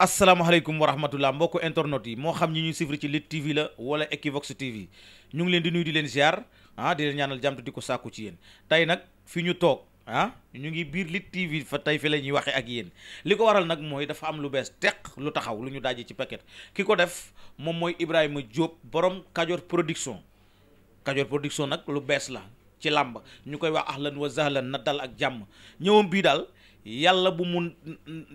asalaamaaleykum wa rahmatullah mbokku internet yi moo xam ñi ñuy suivre ci Lutte TV la wala Equivox TV ñu ngi leen di nuyu di leen ziar ah di leen ñaanal jàmm di ko sàkku ci yéen tey nag fi ñu toog ah ñu ngi biir Lutte TV fa tey fi la ñuy waxee ak yéen li ko waral nag mooy dafa am lu bees teq lu taxaw lu ñu dajee ci paket ki ko def moom mooy Ibrahima Diop borom Kajoor production Kajoor production nag lu bees la ci làmb ñu koy wax ahlan wa zahlan na dal ak jàmm ñëwam bii daal yàlla bu mu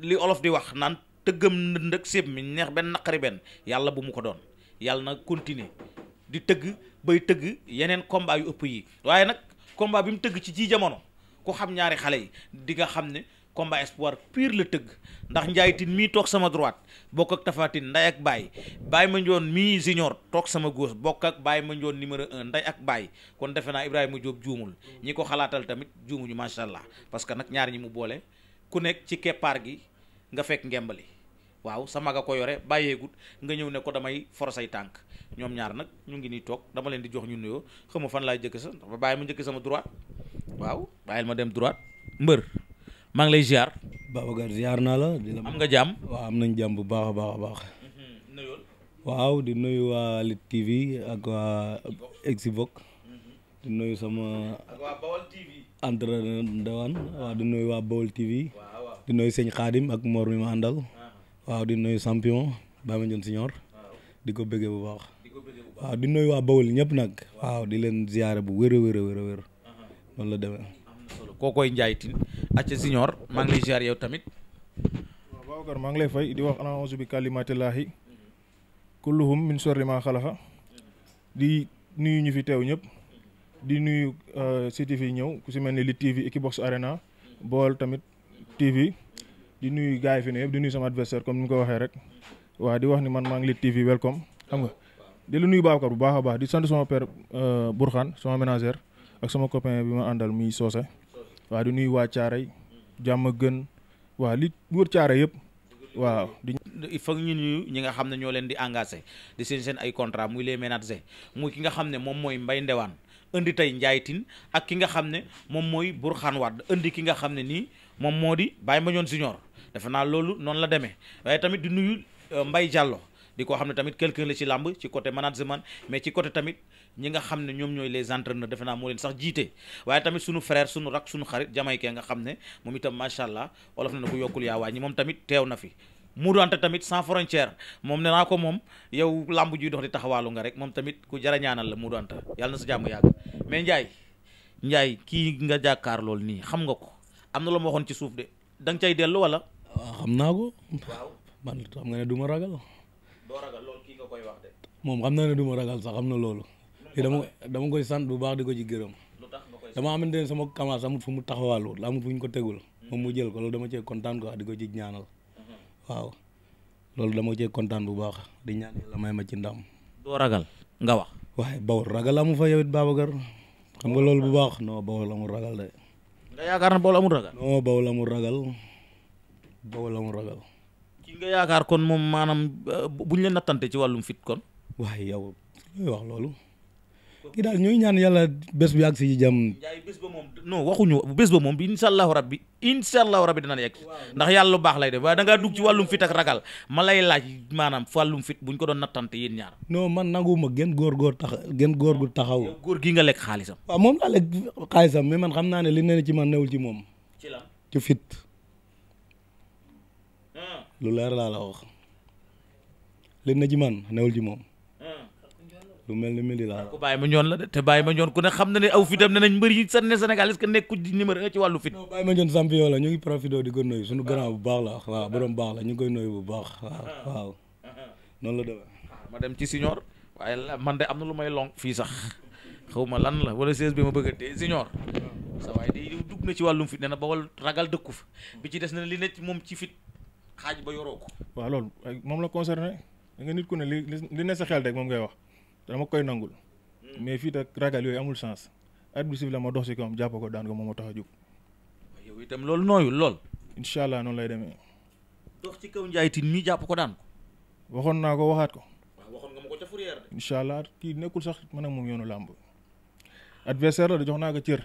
li olof di wax naan tëggam ndënd ak séb mi neex benn naqari benn yàlla bu mu ko doon yàlla na continuer di tëgg bay tëgg yeneen combat yu ëpp yi waaye nag combat bi mu tëgg ci ji jamono ku xam ñaari xale yi di nga xam ne combat espoir pur la tëgg ndax njaaytin mii toog sama droite bokk ak tafatin nday ak baay bàyyi ma njoon mii junior toog sama gauche bokk ak baay ma njoon numéro un nday ak baay kon defe naa Ibrahima Diop juumul ñi ko xalaatal tamit juumuñu macha allah parce que nag ñaar ñi mu boole ku nekk ci keppaar gi nga fekk ngembali waaw sa mag a ko yore bàyyeegut nga ñëw ne ko damay forcay tànk ñoom ñaar nag ñu ngi nii toog dama leen di jox ñu nuyoo xamu fan laay jëkk sa ba bàyyi ma njëkk sama droite waaw bàyyil ma dem droite mbër ngi lay ziar. Babacar naa la di am nga jàmm am nañ jàmm bu baax baax baax. Mhm, nuyool waaw di nuyu waa Lutte TV ak waa Exivox. Mhm. di nuyu sama. ak waa Bawol waaw di nuyu waa Bawol TV. di nuyu sëñ Xaadim ak Mor ma àndal. Ah. waaw di nuyu champion Baye Mandione di ko bëggee bu baax waaw di nuyu waa Bawol ñëpp nag waaw di leen ziyaare bu wér a wér a wér a wér uh-huh. la demee kookoy Ndiaye Tine acca Senior maa ngi lay ziyaare yow tamit waaw Babacar maa ngi lay fay di wax ana auzu bi kalimaatillaahi kulluhum di nuyu ñu fi teew ñëpp di nuyu uh, CTV ñëw ku si mel ni li TV Equivox Arena Baol tamit TV di nuyu gars yi fi ne yëpp di nuyu sama adversaire comme ni mu ko waxee rek waaw di wax ni man maa ngi Lutte TV welcome xam nga di lu nuyu Babacar bu baax a baax di sant sama père euh, Bourkhane sama ménagère ak sama copain bi ma àndal muy Socé waa di nuy waa Thiaray jàmm gën waaw li wër Thiaray yëpp waaw. il faut ñu nuyu ñi nga xam ne ñoo leen di engagé di seen seen ay contrat muy les ménagers muy ki nga xam ne moom mooy mbay Ndewaan indi tey Ndiaye ak ki nga xam ne moom mooy Bourkhane Wade ki nga xam ne nii moom moo di Baye Mandione Junior defe naa loolu noonu la demee waaye tamit di nuyu euh, Mbaye Diallo di koo xam ne tamit quelqu'un la ci làmb ci côté management mais ci côté tamit ñi nga xam ne ñoom ñooy les entraîneurs defe naa moo leen sax jiite waaye tamit sunu frère sunu rak sunu xarit jamaykee nga xam ne moom itam macha allah olof na na ko yokkul yaa wàññi moom tamit teew na fi Modou Anta tamit sans frontière moom ne naa ko moom yow làmb juy dox di taxawaalu nga rek moom tamit ku jara ñaanal la Modou Anta yàlla na sa jàmm yàgg mais Ndiaye Ndiaye kii nga jàkkaar lool nii xam nga ko a ah, xam naa ko. waaw man xam nga du ma ragal. doo ragal loolu moom xam naa ne du ma ragal sax xam na loolu. te dama koy sant bu baax di ko ci gërëm. lu dama xamante ne sama kamaas amut fu mu taxawaalul amut fu ñu ko tegul. Mm-hmm. moom mu jël ko loolu dama cee kontaan ko di ko ci ñaanal. Mm-hmm. waaw loolu dama cee kontaan bu baax di ñaan yàlla ma ci ndam. doo ragal nga wax. waaye bawol ragal amu fa yow it Babacar xam nga loolu bu baax non bawol amul ragal de. boobu la mu ragal. ki nga yaakaar kon moom maanaam euh, buñ la nattante ci wàllum fit kon. waaye yow looy wax loolu. kii daal ñooy ñaan yàlla bés bu yàgg si jàmm. Ndiaye bés ba moom non waxuñu bés ba moom bi incha allahu rabbi incha allahu rabbi dina yegg ndax yàlla lu baax lay def waaye da ngaa dugg ci wàllum fit ak ragal ma lay laaj maanaam wàllum fit buñ ko doon nattante yéen ñaar. non man nanguma gën góor góor tax gën góor gu taxaw. góor gi nga lekk xaalisam. waaw moom laa lekk xaalisam mais xam naa ne li ne ci man newul lu leer laa la wax lim na ji man newul ji moom lu mel ni mili laa ba bàyyi ma ñoon la de te bàyyi ma ñoon ku ne xam na ne aw fitam ne nañ mbër yi san ne Sénégal est-ce nekku di numéro un ci ma ñu ngi profité di ko baax la waaw borom baax la ñu koy nuyu bu baax waaw waaw noonu la ah, ma dem ci signor waaye man de am na lu may lonk fii sax xaw ma lan la wala sees bi ma bëgg a dee signor sa waaye day na ci wàllum fit ne na ba wal ragal dëkku fa bi ci des na li ne moom ci fit xaaj ba yoroo waaw loolu moom la concerné da nga nit ku ne li li ne sa xel rek moom ngay wax dama koy nangul. Hmm. mais fii tak ragal yooyu amul sens. admissif la ma dox si kawam jàpp ko daan ko moom moo tax a jóg. yow itam loolu nooyul lool. incha noonu lay demee. ci kaw Ndiaye Tine jàpp ko daan ko. waxoon naa ko waxaat ko. waaw waxoon nga ma ko ca kii nekkul sax man ak moom yoonu làmb. adversaire la da jox naa ko cër.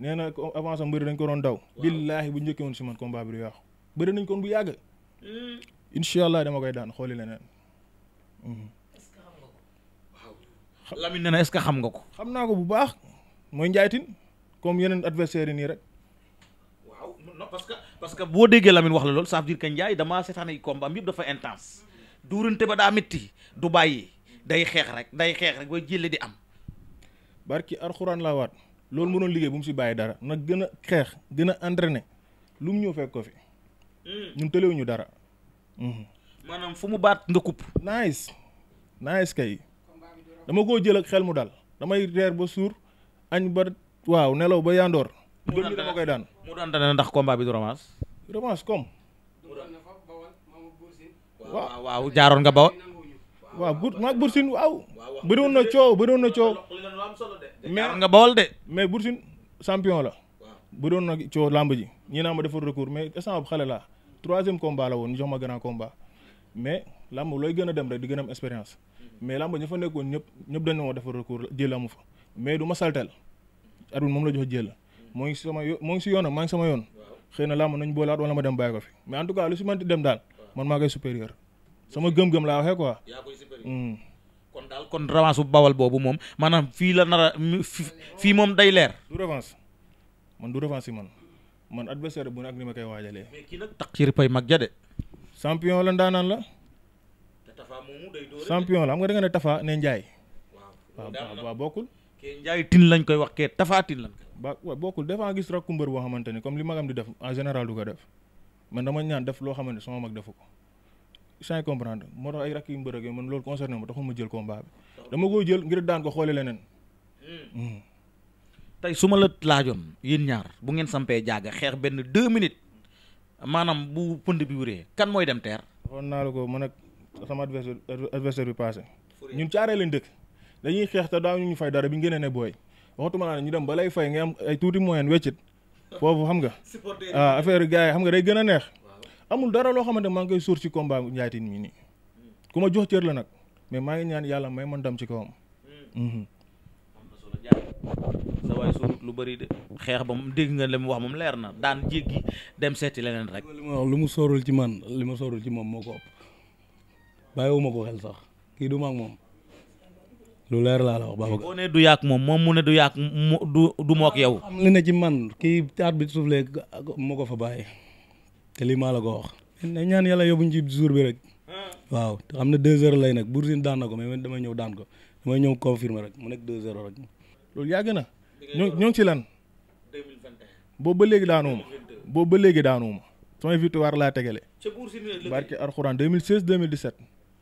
nee na avance am bëri dañ ko doon daw. billaahi bu njëkkee woon si man combat bi du yàqu. bëri nañ ko bu yàgg. Mm. incha allah dama koy daan xooli leneen. Mm-hmm. est-ce que xam nga ko. xam nga ko. xam naa ko bu baax mooy njaaytin comme yeneen adversaire yi nii rek. waaw non parce que parce que boo déggee Lamine wax la loolu ça veut dire que Ndiaye damaa seetaan ay combat am yëpp dafa intense. Mm-hmm. duurante ba daa métti du bàyyi day xeex rek day xeex rek ba jële di am. barki arxuraan laa waat loolu mënoon liggéey bu mu si bàyyi dara nag gën a xeex gën a entraîné lu mu ñëw fekk ko fi. Mm. ñun tëlewuñu dara. Mm-hmm. maanaam fu mu baat nga kupp. nice nice kay dama koo jël ak xel mu dal damay reer ba suur añ ba waaw nelaw ba yandoor. mu daan dama koy daan. mu ndax combat bi du romance. romance comme. waaw jaaroon nga bawal. waaw bur maag bursin waaw. bëriwoon na coow bëriwoon na coow. mais nga bawal de. mais bursin champion la. bëriwoon na coow làmb ji ma defar recours mais instant bu xale laa. troisième combat la woon ñu jox ma grand combat mais làmb looy gën a dem rek di gënam a expérience mais làmb ña fa nekkoon ñëpp ñëpp dañu ma defal recours jël amu fa mais du ma saltel arbitre moom la jox jël moo ngi sama yo moo ngi si yoonam maa ngi sama yoon xëy na làmb nañ boolaat wala ma dem bàyyi ko fi mais en tout cas lu si mënti dem daal man maa koy supérieur sama gëm-gëm laa waxee quoi. yaa hmm. kon daal bu bawal boobu moom maanaam fii la nara fii moom day leer. du revanche man du revanche man. man adversaire bu ne ak ni ma koy waajalee. mais kii nag tax ci ripay mag ja de. champion la ndaanaan la. te Tafa champion la xam nga da nga ne Tafa ne Ndiaye. waaw waaw waaw bokkul. tin lañ koy wax kee Tafa tin ba waaw bokkul des fois gis rakku mbër boo xamante ni comme li magam di def en général du ko def man dama ñaan def loo xamante ni sama mag defu ko. sans comprendre moo tax ay rakk yu mbër ak man loolu concerné ma taxul ma jël combat bi dama koy jël ngir daan ko xoole leneen. Hmm. Hmm. tey su ma la laajoon yéen ñaar bu ngeen sampee jaaga xeex benn deux minutes maanaam bu pënd bi wuree kan mooy dem teer. waxoon naa la ko man ak sama adversaire adversaire bi passé. ñun caaree leen dëkk dañuy xeex te daaw ñu fay dara bi ngeen ne booy waxatuma naa ne ñu dem ba lay fay nga am ay tuuti mooy weccit foofu xam nga. ah affaire gars yi xam nga day gën a neex. amul dara loo xamante maa ngi koy suur ci combat Ndiaye Tine mii nii ku ma jox cër la nag mais maa ngi ñaan yàlla may man dam ci kawam. Hmm. Mhm. sa lu bari de xeex ba mu dégg nga li mu wax moom leer na daan jéggi dem seeti leneen rek. li ma wax lu mu sóorul ci man li ma sóorul ci moom moo ko ëpp bàyyiwuma ko sax kii du ma ak lu leer laa la wax. baba du yàq moom moom mu ne du yàq mu du du mook yow. am li ne ci man kii taat bi suuf lee moo ko fa bàyyi te lii maa la ko wax. na ñaan yàlla yóbbuñ ci jour bi rek. waaw te xam ne deux heures lay nag Bour Sine daan na ko mais man damay ñëw daan ko damay ñëw confirmer rek mu nekk deux heures rek. loolu yàgg na. ñoo ñoo ngi ci lan. 2021. boobu ba léegi daanu ma. boobu ba léegi daanu ma. sama victoire laa tegale. ca Bour Sine la barke Arxuraan 2016 2017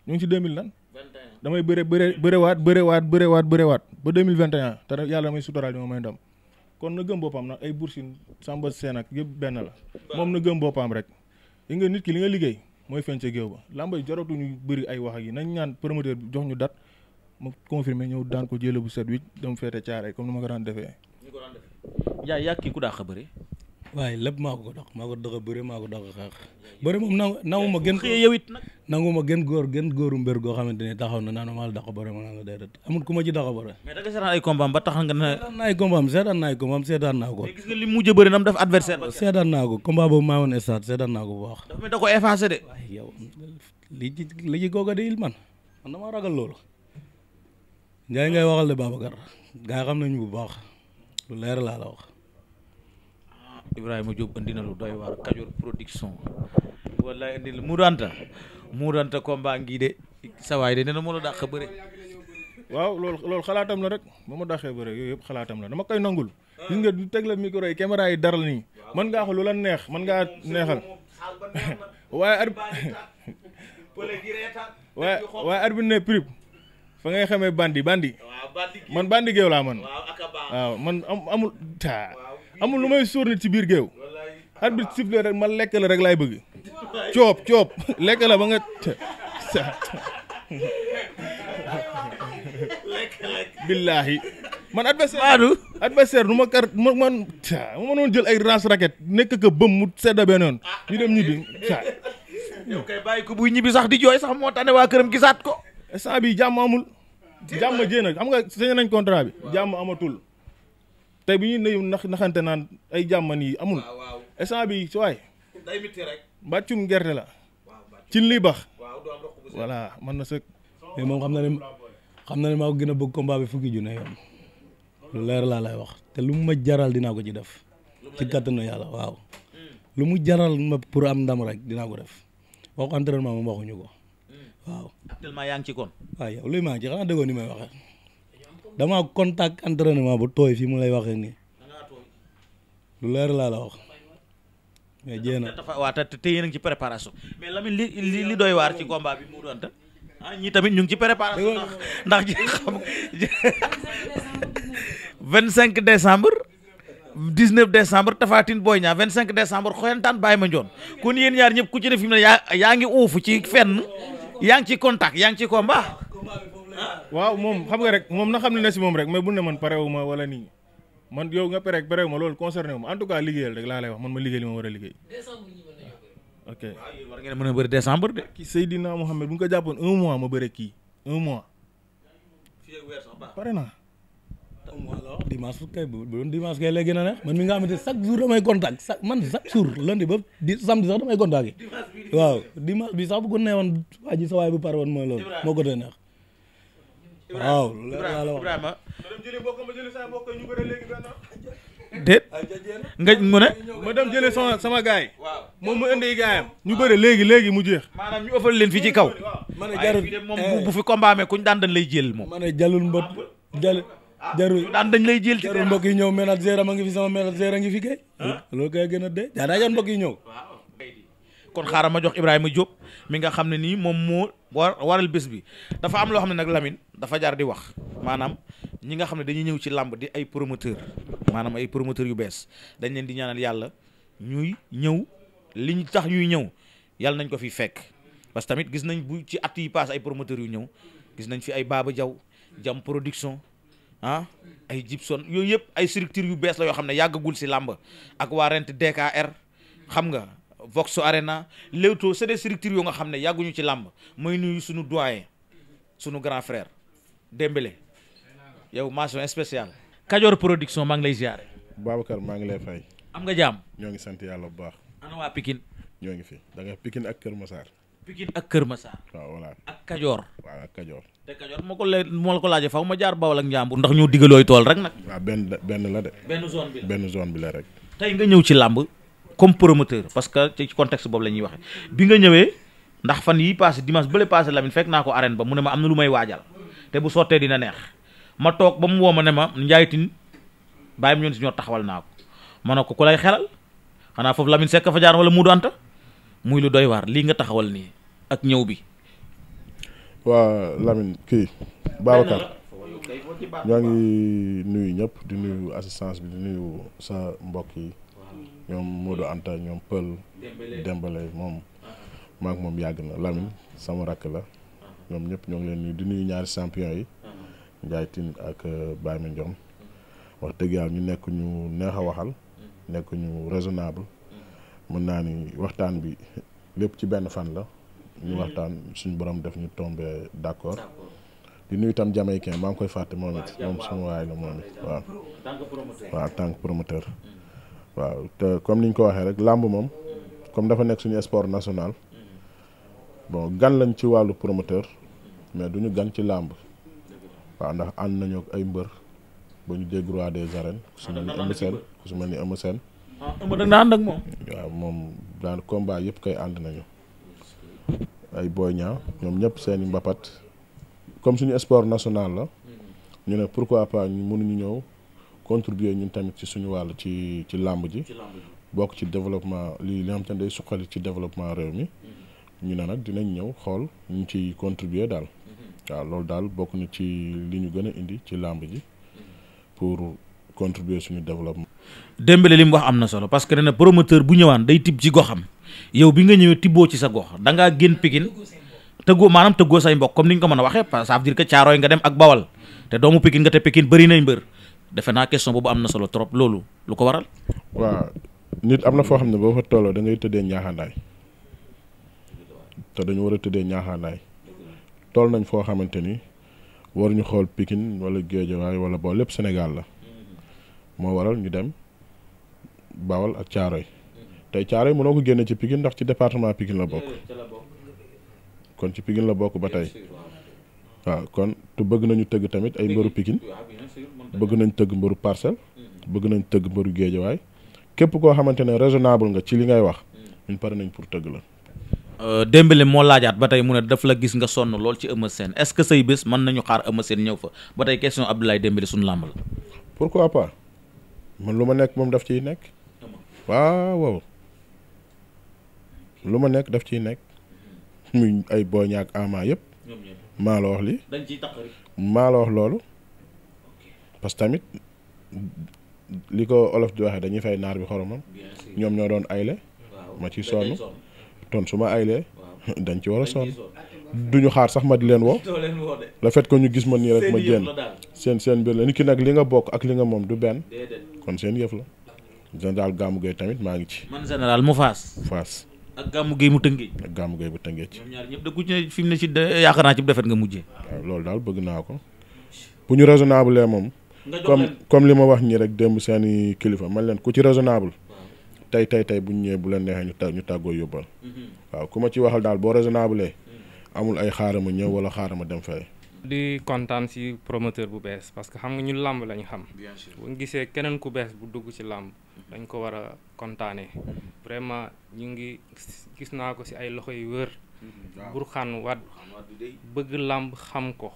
ñu ngi ci 2000 lan. 21 damay bëre bëre bërewaat bërewaat bërewaat bërewaat ba 2021 te yàlla damay suturaal ñu may ndam kon na gëm boppam nag ay Bour Sine Samba Sène ak yëpp benn la. moom na gëm boppam rek. yi nga nit ki li nga liggéey mooy feeñ ca géew ba làmbay jaratu ñu bëri ay wax ak yi nañ ñaan promoteur bi jox ñu date. ma confirmé ñëw daan ko jëlee bu set wicc dama feete caare comme ni ma ko daan defee. ni ko daan defee. Ndiaye yaa kii ku dàq a bëri. a bëri maa a xeex bëri moom nangu nangu ma gën yow ne taxaw na naan maa la dox a a da nga seetaan ay combat ba tax nga ne seetaan naa ay combat seetaan naa ay combat seetaan naa ko gis nga li mujj bëri nam def adversaire ba seetaan naa ko combat boobu maa woon stade seetaan naa ko bu baax li ci li de il man man damaa ragal loolu Ndiaye ngay waxal de Babacar gaa xam nañu bu baax lu leer laa la wax. Ibrahima Diop indi na lu doy waar Kajoor production wallaay indi la Mourante Mourante combat ngi de sawaay de nee na moo la dàq bëre. waaw loolu loolu xalaatam la rek ba ma daxee bëre yooyu yëpp xalaatam la dama koy nangul. gis nga du teg la micro yi caméra yi dara nii mën ngaa wax lu la neex man ngaa neexal waaye. waaye waaye arbitre prip fa ngay xamee bandi bandi. man bandi géew laa man. waaw man amul taa amul lu may sóor nit ci biir géew. arbitre sifflé rek man lekk la rek laay bëgg. coob coob lekk la ba nga. billaahi man adversaire Badou adversaire du ma kar ma man saa ma mënoon jël ay ras raquette nekk ka bëm mu sedda beneen ah. ñu dem ñibbi saa. yow sax di jooy sax moo tax ne waa këram gisaat ko. instant bi jàmm amul. jàmm jéem a xam nga signé nañ contrat bi. jàmm amatul. tey bi ñuy nuyu nax naxante naan ay jàmm nii amul. waaw instant bi si waay. mbàccum gerte la. ci li bax voilà man na sëkk. mais moom xam na ne xam na ne maa gën a bëgg combat bi fukki junne yoon lu leer laa lay wax te lu mu ma jaral dinaa ko ci def. ci kattanu yàlla waaw. Hmm. lu mu jaral ma pour am ndam rek dinaa ko def wax entraînement moom waxuñu ko. waaw. actuellement yaa ngi ci kon. waaw yow luy maa ngi ci xanaa dëggoo ni may waxee damaa contact entraînement bu tooy fii mu lay waxee nii lu leer laa la wax. mais jéem na te te a ngi ci préparation. mais Lamine li li li doy waar ci combat bi mu doon te ah ñii ci préparation. ndax ji xam 25 décembre. 19 décembre Tafatine Boy Niang 25 décembre xoyantaan Baye Mandione kon yéen ñaar ñëpp ku ci ne fi mu ne yaa yaa ngi uufu ci fenn. yaa ngi ci contact yaa ngi ci combat. waaw moom xam nga rek moom na xam ne ne si moom rek mais bu ne man parewu ma wala nii man yow nga pare parewu ma loolu concerné wu en tout cas liggéeyal rek laa wa wax man ma liggéey li ma war a liggéey. ok war ngeen mën a bëri décembre de. kii Seydina Mohamed bu ñu ko jàppoon un mois ma bëre kii un mois. pare na dimanche kay bu doon dimanche kay léegi na ne man mi nga xamante chaque jour damay contact chaque man chaque jour lundi ba di samedi sax damay contact yi waaw dimanche bi sax bu ko nee waa ji sa waay bu pare woon mooy loolu moo ko a neex waaw nga mu ne ma dem jëlee sama sama gars yi moom mu indi gaayam ñu bëri léegi léegi mu jeex maanaam ñu ëffal leen fii ci kaw ma ne jarul moom eh. bu fi combat amee kuñ daan dañ lay jël moom ma jalul mbot ah, jël Ah, jarul daan dañ lay jël ci jarul mbokk yi ñëw manager am a ngi fi sama manager a ngi fi kay ah. loolu kay gën a dee daa daa jan mbokk yi ñëw kon xaaral ma jox Ibrahima Diop mi nga xam ne nii moom moo war waral bés bi dafa am loo xam ne nag Lamine dafa jaar di wax maanaam ñi nga xam ne dañuy ñëw ci làmb di ay promoteur maanaam ay promoteur yu bees dañ leen di ñaanal yàlla ñuy ñëw liñ tax ñuy ñëw yàlla nañ ko fi fekk parce que tamit gis nañ bu ci at yi paase ay promoteur yu ñëw gis nañ fi ay Baba Diaw Jam production ah ay Gibson yooyu yëpp ay structure yu bees la yoo xam ne yàggagul si làmb ak waa rent DKR xam nga Vox Arena Leewtoo c'est des structures yoo nga xam ne yàgguñu ci làmb mooy nuyu suñu doyen sunu grand frère Dembélé yow mention spéciale Kajoor production maa ngi lay ziare Babacar maa ngi lay fay am nga jaam ñoo ngi sant yàlla bu baax ana waa Pikine ñoo ngi fi da nga Pikine ak Kër Massar Pikine ak Kër Massar. waaw voilà ak Kajoor. ma ak Kajoor. te Kajoor ko la moo la ko laajee faaw ma jaar Bawol ak Njàmbur ndax ñoo diggalooy tool rek nag. waaw benn benn la de. benn zone bi la benn zone bi la rek. tey nga ñëw ci làmb comme promoteur parce que ci contexte boobu la ñuy waxee bi nga ñëwee ndax fan yi passé dimanche bële passé Lamine fekk naa ko arène ba mu ne ma am na lu may waajal te bu sottee dina neex ma toog ba mu woo ma ne ma njaay Tine bàyyi ma ñoon si ñoo taxawal naa ko ma ne ko ku lay xelal xanaa foofu Lamine Seck fa jaar wala Moodu Anta muy lu doy waar lii nga taxawal nii ak ñëw bi. waa Lamine kii Babacar ñoo ngi nuyu ñëpp di nuyu assistance bi di nuyu sa mbokk yi ñoom Modou Anta ñoom Pël Dembale moom maak moom yàgg na Lamine sama rakk la ñoom ñëpp ñoo ngi leen nuyu di nuyu ñaari champion yi Ndiaye Tine ak euh, Baye Mandione wax dëgg yàlla ñu nekk ñu neex a waxal nekkuñu ñu raisonnable. mën naa ni waxtaan bi lépp ci benn fan la. ñu hmm. waxtaan suñu borom def ñu tombé d'accord. di nuyu itam kenn maa ngi koy fàtte moom it moom sama waay la moom it waaw. waaw tant promoteur. waaw te comme ni ko waxee rek làmb moom. Hmm. comme dafa nekk suñu sport national. Hmm. bon gan lañ ci wàllu promoteur. mais duñu gan ci làmb. waaw ndax ànd nañu ay mbër. ba ñu dégg roi des arènes. ku su ni Eumeu seen ku su mel ni Eumeu Sène. ah Eumeu da nga ànd moom. waaw moom daan combat yëpp kay ànd nañu ay boñaa Niang ñoom ñëpp seeni mbapat comme suñu esport national la ñu ne pourquoi pas ñu mënuñu ñëw contribuer ñu tamit ci suñu wàll ci ci làmb ji bokk ci développement li li xam te ne day suqali ci développement réew mi mhm. ñu ne nag dinañ ñëw xool ñu ci contribuer daal mhm. waaw loolu daal bokk na ci li ñu gën a indi ci làmb ji mhm. pour contribuer suñu développement Dembélé li mu wax am na solo parce que nee na promoteur bu ñëwaan day tib ci goxam yow bi nga ñëwee tibboo ci sa gox da ngaa génn Pikine tëggoo maanaam tëggoo say mbokk comme ni ñu ko mën a waxee ça veut dire que Caaroy nga dem ak Bawal te doomu Pikine nga te Pikine bëri nañ mbër defe naa question boobu am na solo trop loolu lu ko waral. waaw nit am na foo xam ne boo fa tolloo da ngay tëddee ñaaxaanaay te dañu war a tëddee ñaaxaanaay toll nañ foo xamante ni waruñu xool Pikine wala Guédiawaye wala boo lépp Sénégal Bawol ak caaro yi tey Caaroy mënoo ko génne ci Pikine ndax ci département Pikine la bokk kon ci Pikine la bokk ba tey waaw kon tu bëgg nañu tëgg tamit ay mbëru Pikine bëgg nañ tëgg mbëru parcelle hmm. bëgg nañ tëgg mbëru Géejawaay képp koo xamante ne raisonnable nga ci li ngay wax hmm. ñun pare nañ pour tëgg la. Euh, Dembélé moo laajaat ba tey mu ne daf la gis nga sonn lool ci Eumeu seen est-ce que say bés mën nañu xaar Eumeu Sène ñëw fa ba tey question Abdoulaye Dembélé suñu làmb la. pourquoi lu ma nekk moom daf ciy nekk. waaw lu ma nekk def ciy nekk muy ay Boy Niang ak Ama wax li maa loolu parce que tamit li ko olof di waxee dañuy fay naar bi xoromam ñoom ñoo doon ayle ma ci sonn ton su ma aylee dañ ci war a sonn duñu xaar sax ma di leen woo le fait que ñu gis ma nii rek ma génn seen seen mbir la nit ki nag li nga bokk ak li nga moom du benn kon seen yëf la général gàmmu Gueye tamit maa ngi ci. man général mu Faas. Faas. ak Gamou Gueye mu Tëngéej. ak Gamou Gueye bu tëngee ñoom ñaar ku ci ne fi mu ne ci yaakaar naa ci bu defet nga mujjee. waaw loolu daal bëgg naa ko bu ñu raisonnable moom. comme comme li ma wax ñi rek démb seeni kilifa man leen ku ci raisonnable. tey tey tey bu ñu ñëwee bu leen neexee ñu tàggoo yóbbal. Mm-hmm. waaw ku ma ci waxal daal boo raisonnable mm. amul ay xaarama ñëw wala ma dem fay. di kontaan si promoteur bu bees parce que xam nga ñun làmb lañ xam. bien sûr bu ñu gisee keneen ku bees bu dugg ci làmb. Mhm. dañ ko war a kontaanee. vraiment ñu ngi gis naa ko si ay loxo yu wër. bur xaan wadd bëgg làmb xam ko.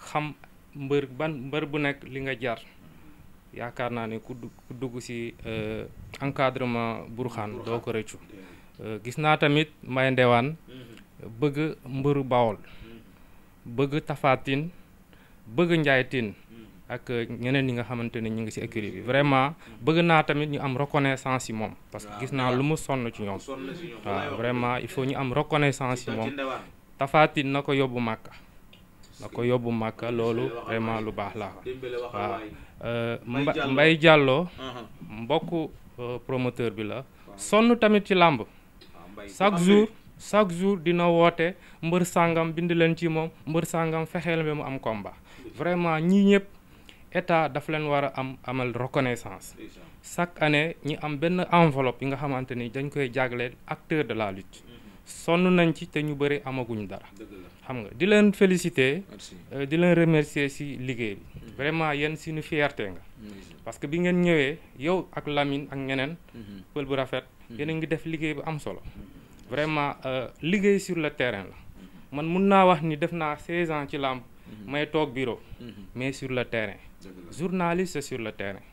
xam mbër bu nekk li nga jar. Mhm. yaakaar naa ne ku dugg si euh, encadrement burxaan doo ko rëccu euh, gis naa tamit may ndewaan mhm. bëgg mbëru bawol bëgg tafaatin bëgg njaaytin hmm. ak ñeneen ñi nga xamante ne ñu ngi ci écurie bi vraiment bëgg naa tamit ñu am reconnaissance yi moom parce que gis naa lu mu sonn ci ñoom waaw vraiment il faut ñu am reconnaissance yi moom tafaatin na ko yóbbu màkka na ko yóbbu màkka loolu vraiment lu baax la waaw Mbaye jàlloo mbokk promoteur bi la sonn tamit ci làmb chaque jour chaque jour dina woote mbër sàngam bind leen ci moom mbër sàngam fexee ba mu am combat vraiment ñii ñëpp état dafa leen war a am amal reconnaissance chaque année ñi am benn enveloppe yi nga xamante ni dañ koy jagleel acteur de la lutte sonn nañ ci te ñu bëri amaguñ dara xam nga di leen félicité euh, di leen remercier ci liggéey bi mm-hmm. vraiment yéen suñu fierté nga parce que bi ngeen ñëwee yow ak Lamine ak ñeneen mm-hmm. pël bu rafet mm-hmm. yéen ngi def liggéey bu am solo vraiment euh, liggéey sur le terrain la man mun naa wax ni def naa 16 ans ci làmb mhm. may toog bureau mhm. mais sur le terrain journaliste sur le terrain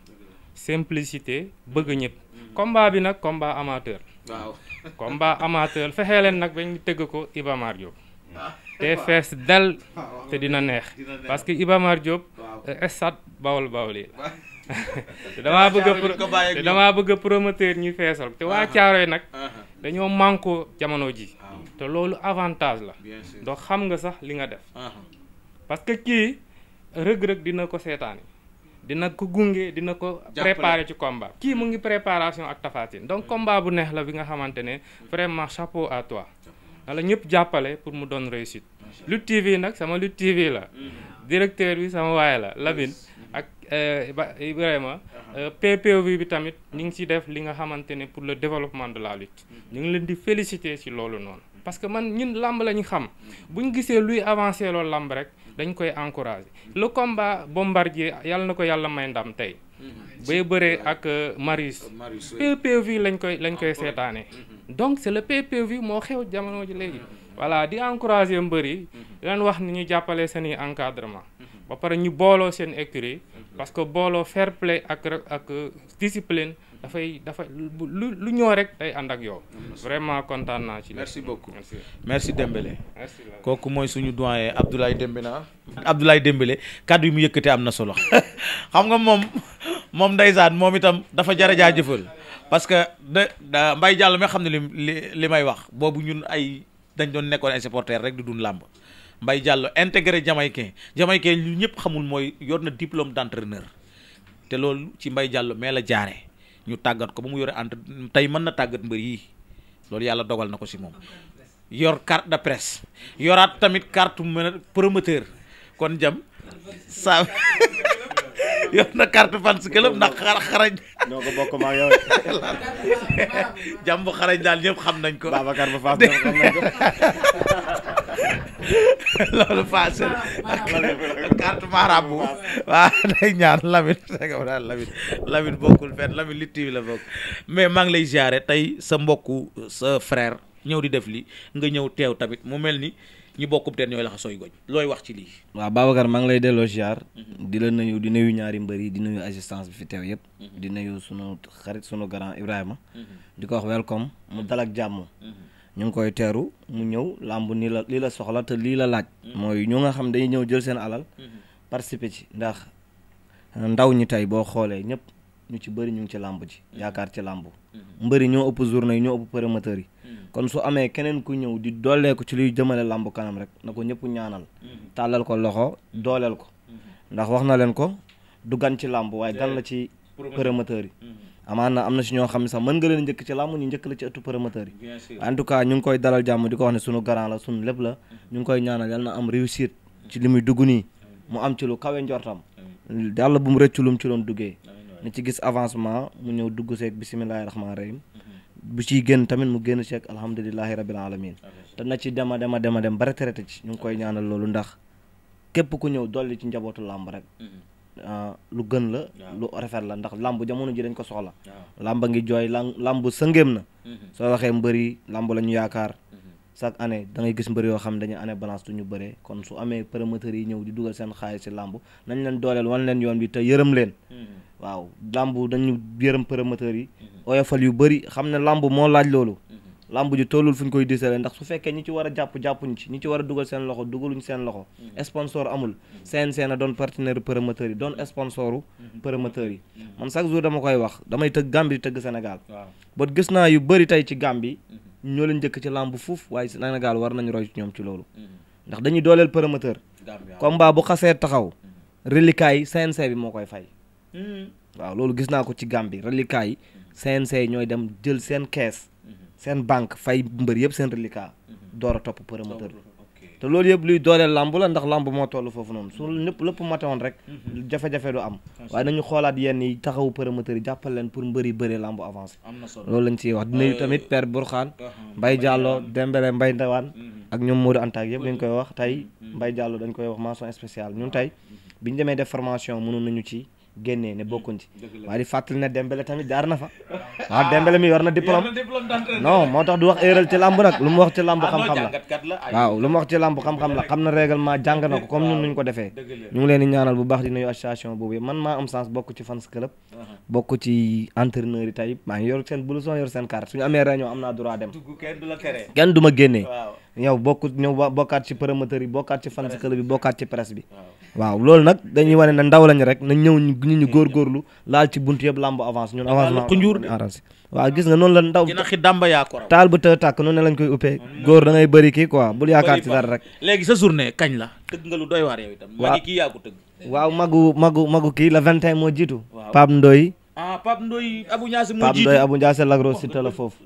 simplicité bëgg ñëpp mhm. combat bi nag combat amateur waaw combat amateur fexee leen nag bañ tëgg ko Iba Mar ah. te fees dal ah, te dina neex parce que Iba Mar Diop euh, stade te damaa bëgg damaa bëgg promoteur ñuy feesal te waa ah. yi nag dañoo mànkoo jamono ji ah. te loolu avantage la donc xam nga sax li nga def ah. parce que kii rëg-rëg dina ko seetaan dina ko gunge dina ko préparer ci combat kii mu ngi préparation ak Tapha donc combat bu neex la bi nga xamante ne vraiment chapeau à toi wala ñëpp jàppale pour mu doon réussite Lutte TV nag sama Lutte TV la mm. directeur bi sama waaye la Lamine mm. ak Euh, ba eh, Ibrahima. Uh-huh. Euh, PPV bi tamit ñu ngi ci def li nga xamante ne pour le développement de la lutte. Mm-hmm. ñu ngi leen di féliciter ci loolu noonu. Mm-hmm. parce que man ñun làmb la ñu xam. Mm-hmm. bu ñu gisee luy avancer loolu làmb rek dañ koy encourager. le combat bombardier yàlla na ko yàlla may ndam tey. bay bëree ak euh, Marius. PPV lañ koy lañ koy ah, seetaane donc c'est le PPV moo xew jamono ji léegi. voilà di encourager mbër yi. leen wax ni ñu jàppale seen i encadrement. ba pare ñu booloo seen écurie parce que booloo fair play ak ak discipline dafay dafa lu lu ñoo rek day ànd ak yow. vraiment kontaan naa ci. merci beaucoup merci merci Dembélé. merci kooku mooy suñu doyen Abdoulaye Dembélé ah. Abdoulaye Dembélé kàddu yi mu yëkkatee am na solo xam nga moom moom ndeysaan moom itam dafa jar a jaajëfal parce que de Mbaye Diallo mi xam ne li li may wax boobu ñun ay dañ doon nekkoon ay supporters rek di dun làmb Mbaye Diallo intégré Jamaïcain Jamaïcain lu ñëpp xamul mooy yor na diplôme d'entraîneur te loolu ci mbay Diallo mais la jaare ñu tàggat ko ba mu yore entre tey mën na tàggat mbër yi loolu yàlla dogal na ko si moom yor carte de presse yoraat tamit carte promoteur kon jam saa yor na carte fans club ndax xara xarañ. ñoo ko bokk xarañ daal ñëpp xam nañ ko. loolu passé la ak carte marabu waaw day ñaan Lamine sega daal Lamine Lamine bokkul fenn Lamine li tiwi la bokk mais maa ngi lay ziare tey sa mbokku sa frair ñëw di def li nga ñëw teew tamit mu mel ni ñi bokkub teen ñooy laxa sooy looy wax ci lii waa Babacar maa ngi lay delloo ziar mhm. di la nuyu di nuyu ñaari mbër yi di nuyu assistance bi fi teew yëpp mhm. di nuyu sunu xarit sunu grand Ibrahima mhm. di ko wax welcome mu dal ak jàmm ñu ngi koy teeru mu ñëw làmb nii la lii la soxla te lii la laaj. mooy ñu nga xam dañuy ñëw jël seen alal. participer ci ndax euh, ndaw ñi tey boo xoolee ñëpp ñu ci bëri ñu ngi ci làmb ci yaakaar ci làmb. mbëri ñoo ëpp journée yi ñoo ëpp promoteurs yi. kon su amee keneen ku ñëw di dooleeku ci luy jëmale làmb kanam rek na ko ñëpp ñaanal. tàllal ko loxo dooleel ko. ndax wax na leen ko du gan ci làmb waaye gan la ci promoteurs yi. amaana am na si ñoo xam ne sax mën nga leen njëkk ci làmb ñu njëkk la ci ëttu promoteur yi en tout cas ñu ngi koy dalal jàmm di ko wax ne sunu garant la sunu lépp la ñu ngi koy ñaanal yal na am réussite ci li muy dugg nii mu am ci lu kawe njortam yàlla bu mu rëccu lu mu ci doon duggee na ci gis avancement mu ñëw dugg seeg bisimilahi rahmaani rahim mhm. bu ciy génn tamit mu génn seeg alhamdulilahi rabil alamin te na ci dema dema dema dem ba retraité ci ñu ngi koy ñaanal loolu ndax képp ku ñëw dolli ci njabootu làmb rek mhm. Ah, lu gën la lu rafet la ndax làmb jamono ji dañ ko soxla làmb ngi jooy làmb sëngéem na mhm. soo waxee mbër làmb la ñu yaakaar mhm. chaque année da ngay gis mbër yoo xam dañu année balance du ñu bëree kon su amee promoteurs yi ñëw di dugal seen xaalis si làmb nañ leen dooleel wan leen yoon bi te yërëm leen mhm. waaw làmb dañu yërëm promoteurs yi oyofal yu bëri xam ne làmb moo laaj loolu làmb ji tollul fu ñu koy diisale ndax su fekkee ñi ci war a jàpp jàppuñ ci ñi ci war a dugal seen loxo dugaluñ seen loxo mm. sponsor amul CNG na doon partenaire promoteur yi doon mm. sponsoru mm. promoteur yi man chaque jour dama koy wax damay tëgg Gambie di tëgg Sénégal ba gis naa yu bëri tey ci Gambie mm-hmm. ñoo leen njëkk ci làmb fuuf waaye Sénégal war nañu roy ci ñoom ci loolu mm-hmm. ndax dañuy dooleel comme baa bu xasee taxaw mm-hmm. reliquats yi CNG bi moo koy fay waaw loolu gis naa ko ci Gambie reliquats yi CNG ñooy dem jël seen kees seen banque fay mbër yëpp seen reliquat mhm. door a topp promoteur te loolu yëpp luy dooleel làmb la ndax làmb moo toll foofu noonu su ñëpp lépp matewoon rek mhm. jafe-jafe du am waaye nañu xoolaat yenn yi taxawu promoteur yi jàppal leen pour mbëri bëri làmb avancé loolu lañu ciy wax dinañu euh, tamit Père Bourkhane Mbaye Diallo Dembélé mbay Ndawaan mhm. ak ñoom moo Anta ak yëpp dañ koy wax tey mbay Diallo dañ koy wax mention spéciale ñun ah. tey ñu demee def formation mënoon nañu ci génnee ne bokkuñ ci waaye di fàttali ne Dembélé tamit jaar na fa waaw ah, Dembélé mi yor na diplôme moo tax du wax erreur ci làmb nag lu mu wax ci làmb ah, xam la waaw lu mu wax na règlement jàng na ko comme ñun nuñ ko defee ñu ngi leen ñaanal bu baax di nuyu association boobu man maa am chance ci fans club uh-huh. bokk ci entraîneur yi tey maa ngi yor seen yor seen carte suñu amee réunion am naa droit dem kenn du ma yow bokkut ñëw bokkaat ci promoteur yi bokkaat ci fans club bi bokkaat ci presse bi waaw loolu nag dañuy wane ne ndaw lañ rek na ñëw ñu ñu góorgóorlu laal ci buntu yëpp làmb avance ñun avancement noonu la ndaw taal bu të tàkk noonu lañ koy uppee góor da ngay bëri kii quoi bul yaakaar ci dara rek léegi sa journée kañ la tëgg nga lu doy waar yow itam magi kii yaa ko tëgg waaw magu magu kii la 21 moo jiitu Pape Ndoye ah Pape Ndoye Abou Ndiassé moo jiitu Pape Ndoye Abou Ndiassé oh, si tala foofu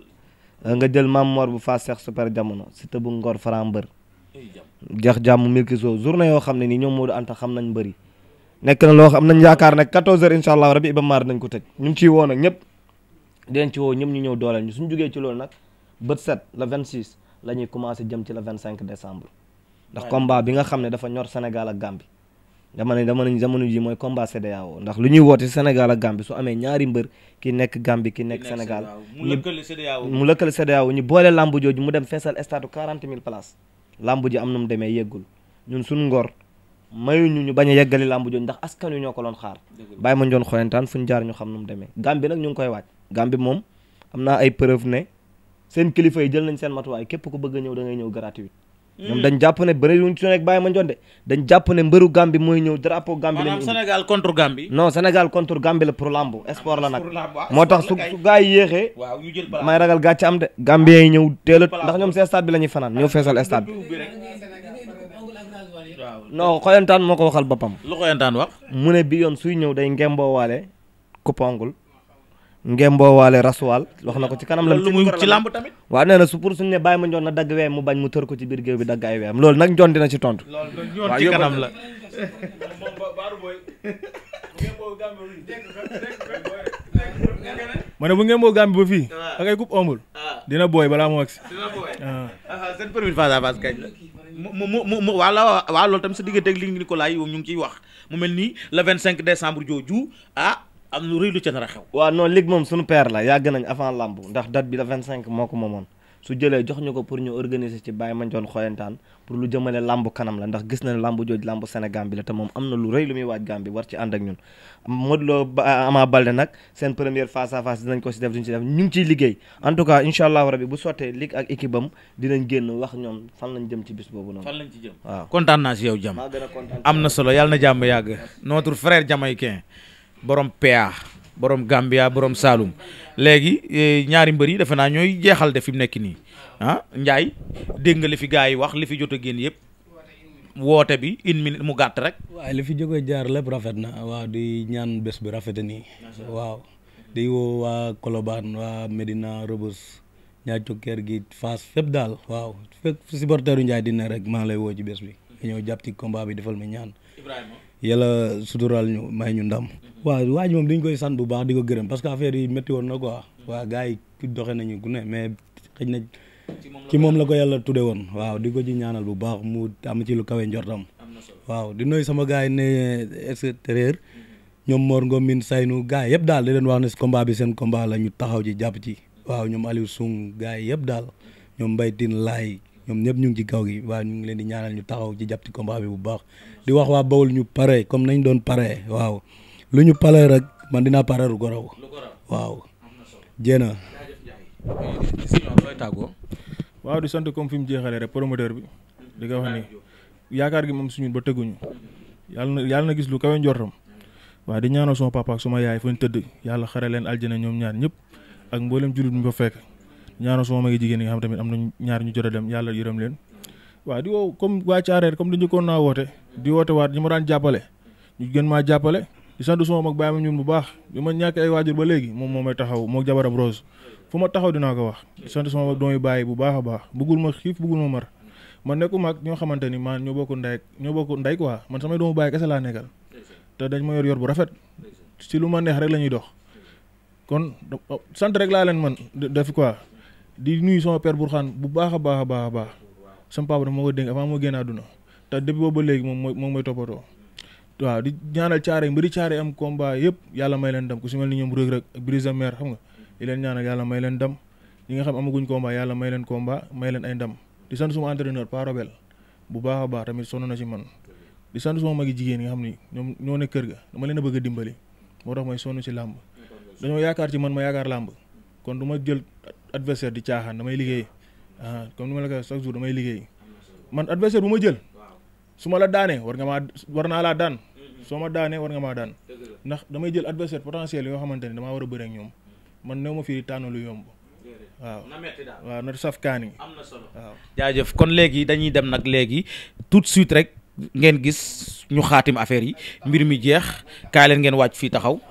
Euh, nga jël Mam Mor bu Fass Seex super jamono Siteu bu Ngor Franc mbër. jeex jàmm Milki Sow journée yoo xam ne nii ñoom Modou Anta xam nañ mbëri nekk na loo xam nañ yaakaar nag 14h incha allah rabi Iba Mar nañ ko tëj ñu ngi ciy woo nag ñëpp denc ci woo ñëpp ñu ñëw dooleel ñu suñu jugee ci loolu nag bët set la 26 la ñuy commencé jëm ci la 25 décembre. ndax combat bi nga xam ne dafa ñor Sénégal ak Gambie. dama ne dama ne jamono ji mooy combat CEDEAO ndax lu ñuy woote Sénégal ak Gambie su amee ñaari mbër ki nekk Gambie ki nekk Sénégal mu lëkkale CEDEAO mu lëkkale CEDEAO ñu boole lamb jooju mu dem feesal stade quarante mille places lamb ji am na demee yeggul ñun suñu ngor mayuñu ñu ñu bañ a yeggali lamb jooju ndax askan wi ñoo ko loon xaar bàyyi ma njoon xoyantaan fu ñu jaar ñu xam nu mu demee Gambie nag ñu ngi koy waaj Gambie moom am naa ay preuve ne seen kilifa yi jël nañ seen matuwaay képp ku bëgg a ñëw da ngay ñëw gratuit ñoom dañ jàpp ne bëri wuñ ci nekk Baye Mandione de dañ jàpp ne mbëru gambi mooy ñëw drapeau Gambie lañ Sénégal contre Gambie non Sénégal contre Gambie la pour lambu sport la nag ah, moo tax su su gars yi yéexee may ragal gàcce am de Gambien yi ñëw teel a ndax ñoom si stade bi la ñuy fanaan ñëw feesal stade bi non xoyantaan moo ko waxal boppam lu xoyantaan wax mu ne bi yoon suy ñëw day ngemboowaale coupe ongle ngemboowaale rasuwaal wax na ko ci kanam la lu ci làmb tamit waaw nee na su pour suñu ne bàyyi ma mu bañ mu tër ko biir géew bi dagg ay weem loolu nag njoon dina ci tontu waaw ci kanam la ma bu ngeen boo gàmbi ba fii ah. da ngay coupe ombul ah. dina booy balaa mu wax ah. seen premier mu mu mu mu waaw tamit sa digganteeg li ngi ni ko laay ñu ngi ciy wax mu mel nii le vingt cinq décembre jooju ah am lu rëy lu ca moom suñu yàgg nañ avant làmb ndax date bi la 25 moo ko moomoon su jëlee jox ñu ko pour ñu organiser ci Baye Mandione Xoyantaan pour lu jëmale làmb kanam la ndax gis na ne làmb jooju làmb Sénégal bi la te moom am na lu rëy lu muy waaj Gambie war ci ànd ak ñun. seen première face à face dinañ ko si def duñ si liggéey en tout cas incha allah rabi bu sottee ligue ak équipe wax ñoom fan lañ jëm ci bis boobu noonu. fan lañ ci jëm waaw kontaan naa si yow jàmm. am na solo yàlla na jàmm yàgg notre frère jamaïcain borom PA borom Gambia borom Saloum léegi eh, ñaari mbër yi defe naa ñooy jeexal de fi mu nekk nii ah Ndiaye dégg nga li fi yi wax li fi jot a génn yëpp woote bi une minute mu gàtt rek. waaw li fi jóge jaar lépp rafet na waaw di ñaan bés bi rafet nii. waaw di woo waa Colobane waa Medina Robos ñaaco kër gi fas fépp daal waaw fekk supporteru Ndiaye dina rek maa lay woo ci bés bi. ñëw jàpp ci bi defal ma ñaan yàlla suturaal ñu may ñu ndam. waaw waa ji moom dañ koy sant bu baax di ko gërëm parce que affaire yi métti woon na quoi. waa gars yi doxee nañu ku ne mais xëj na ci moom la ko yàlla tudde woon waaw di ko ci ñaanal bu baax mu am ci lu kawe njortam. waaw di nuyu sama gars yi ne extérieur ñoom moor Ngom Min Saynu gars yëpp daal di leen wax ne combat bi seen combat la ñu taxaw ci jàpp ci. waaw ñoom Aliou Soung gars yi yëpp daal ñoom Mbaye Tine Laay ñoom ñëpp ñu ngi ci kaw gi waaw ñu ngi leen di ñaanal ñu taxaw ci jàpp ci combat bi bu baax di wax waa Bawol ñu pare comme nañ doon pare waaw lu ñu pare rek man dinaa pare lu goraw waaw jéena waaw di sant comme fi mu jeexalee rek promoteur bi di ko wax ni yaakaar gi moom suñu ba tëgguñu yàlla na yàlla na gis lu kawe njortam waaw di ñaanal suma papa ak suma yaay fu tëdd yàlla xare leen aljana ñoom ñaar ñëpp ak mboolem jullit ñu fa fekk ñaanal sama magi jigéen yi nga xam tamit am na ñaar ñu jot a dem yàlla yërëm leen waaw di woo comme waa Caareer comme dañu njëkkoon naa woote di woote waat ñu ma daan jàppale ñu gën maa jàppale di sant suma mag bàyyi ma ñun bu baax bi ma ñàkk ay waajur ba léegi moom moo may taxaw moo jabaram Rose fu ma taxaw dinaa ko wax di sant suma mag doomi bàyyi bu baax a baax bëggul ma xiif bëggul ma mar ma nekku mag ñoo xamante ni man ñoo bokk ndey ñoo bokk ndey quoi man samay doomu bàyyi kese laa nekkal te dañ ma yor yor bu rafet si lu ma neex rek la ñuy dox kon sant rek laa leen man def quoi di nuyu sama père Bourkhane bu baax a baax a baax a baax sama papa dama ko dénk avant moo génn àdduna te depuis boobu ba léegi moom mooy moom mooy toppatoo waaw di ñaanal caare mbiri caare am combat yëpp yàlla may leen dem ku si mel ni ñoom Reug Reug ak Brise de Mer xam nga di leen ñaanal yàlla may leen dem ñi nga xam amaguñ combat yàlla may leen combat may leen ay ndam di sant suma entraîneur Pa bu baax a baax tamit sonn na si man di sant suma magi jigéen yi nga xam ni ñoom ñoo kër ga dama leen a bëgg a dimbali moo tax may si làmb dañoo yaakaar ci man ma yaakaar làmb kon du adversaire di caaxaan damay liggéey ah, comme nu ma la ko chaque jour damay liggéey man adversaire bu ma jël su ma la daanee war nga maa war naa laa daan soo ma daanee war nga maa daan ndax damay jël adversaire potentiel yoo xamante ne damaa war a bëre ak ñoom man new ma fii tànn lu yomb waaw waaw na saf kaan waaw jaajëf kon léegi dañuy dem nag léegi tout de suite rek ngeen gis ñu xaatim affaire yi mbir mi jeex kaa leen ngeen wàcc fii taxaw